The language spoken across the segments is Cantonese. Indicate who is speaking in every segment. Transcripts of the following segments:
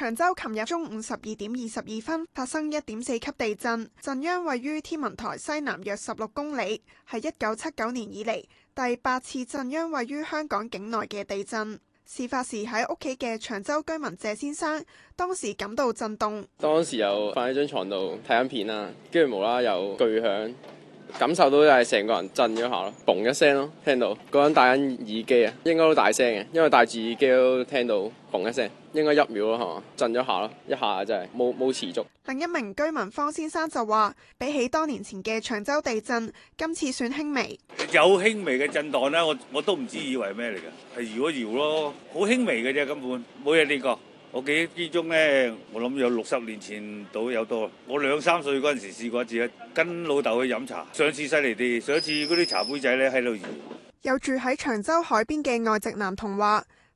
Speaker 1: 長洲琴日中午十二點二十二分發生一點四級地震，震央位於天文台西南約十六公里，係一九七九年以嚟第八次震央位於香港境內嘅地震。事發時喺屋企嘅長洲居民謝先生，當時感到震動。當時又瞓喺張床度睇緊片啦，跟住無啦啦有巨響，感受到就係成個人震咗下咯，嘣一聲咯，聽到。個人戴緊耳機啊，應該都大聲嘅，因為戴住耳機都聽到嘣一聲。應該一秒咯，吓震咗下咯，一下真係冇冇持續。另一名居民方先生就話：比起多年前嘅長洲地震，今次算輕微。
Speaker 2: 有輕微嘅震盪咧，我我都唔知以為咩嚟嘅，係搖一搖咯，好輕微嘅啫，根本冇嘢呢個。我記憶之中咧，我諗有六十年前到有多。我兩三歲嗰陣時試過一次，跟老豆去飲茶。上次犀利啲，上次嗰啲茶杯仔咧喺度搖。
Speaker 1: 有住喺長洲海邊嘅外籍男童話。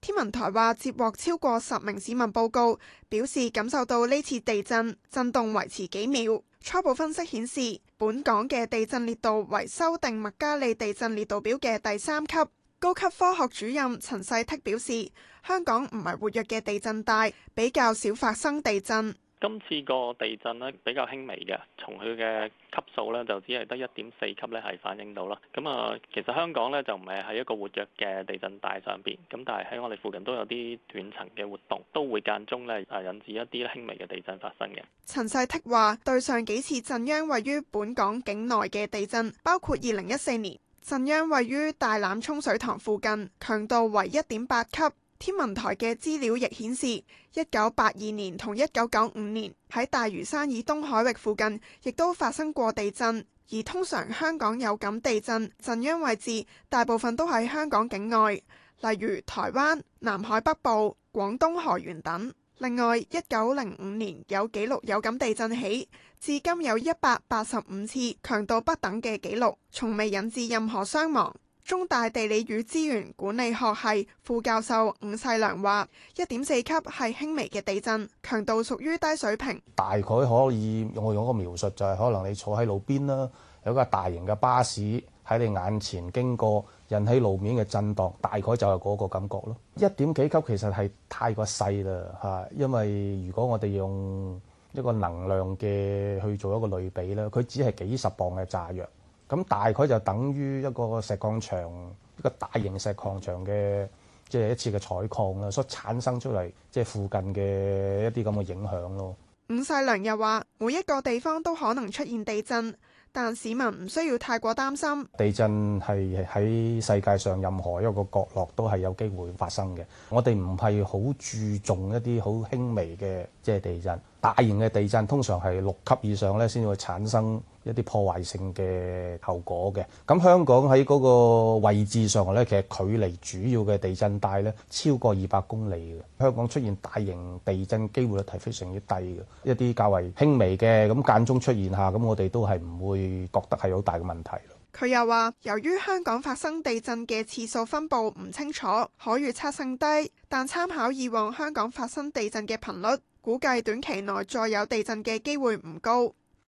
Speaker 1: 天文台話接獲超過十名市民報告，表示感受到呢次地震震動維持幾秒。初步分析顯示，本港嘅地震烈度為修訂麥加利地震烈度表嘅第三級。高級科學主任陳世剔表示，香港唔係活躍嘅地震帶，比較少發生地震。今
Speaker 2: 次個地震呢比較輕微嘅，從佢嘅級數呢，就只係得一點四級呢係反映到啦。咁啊，其實香港呢就唔係喺一個活躍嘅地震帶上邊，咁但係喺我哋附近都有啲斷層嘅活動，都會間中咧誒引致一啲輕微嘅地震發
Speaker 1: 生嘅。陳世剔話：對上幾次震央位於本港境內嘅地震，包括二零一四年震央位於大欖涌水塘附近，強度為一點八級。天文台嘅資料亦顯示，一九八二年同一九九五年喺大嶼山以東海域附近，亦都發生過地震。而通常香港有感地震震央位置，大部分都喺香港境外，例如台灣、南海北部、廣東河源等。另外，一九零五年有記錄有感地震起，至今有一百八十五次強度不等嘅記錄，從未引致任何傷亡。中大地理與資源管理學系副教授伍世良話，一點四級係輕微嘅地震，強度屬於低水平。
Speaker 2: 大概可以用一個描述就係，可能你坐喺路邊啦，有個大型嘅巴士喺你眼前經過，引起路面嘅震蕩，大概就係嗰個感覺咯。一點幾級其實係太過細啦，吓，因為如果我哋用一個能量嘅去做一個類比啦，佢只係幾十磅嘅炸藥。咁大概就等於一個石礦場，一個大型石礦場嘅即係一次嘅採礦啦，所產生出嚟即係附近嘅一啲咁嘅影響咯。
Speaker 1: 伍世良又話：每一個地方都可能出現地震，但市民唔需要太過擔心。
Speaker 2: 地震係喺世界上任何一個角落都係有機會發生嘅。我哋唔係好注重一啲好輕微嘅即係地震，大型嘅地震通常係六級以上咧先會產生。一啲破壞性嘅後果嘅，咁香港喺嗰個位置上嚟咧，其實距離主要嘅地震帶咧超過二百公里嘅，香港出現大型地震機會率係非常之低嘅，一啲較為輕微嘅咁間中出現下，咁我哋都係唔會覺得係好大嘅問題。
Speaker 1: 佢又話，由於香港發生地震嘅次數分佈唔清楚，可預測性低，但參考以往香港發生地震嘅頻率，估計短期內再有地震嘅機會唔高。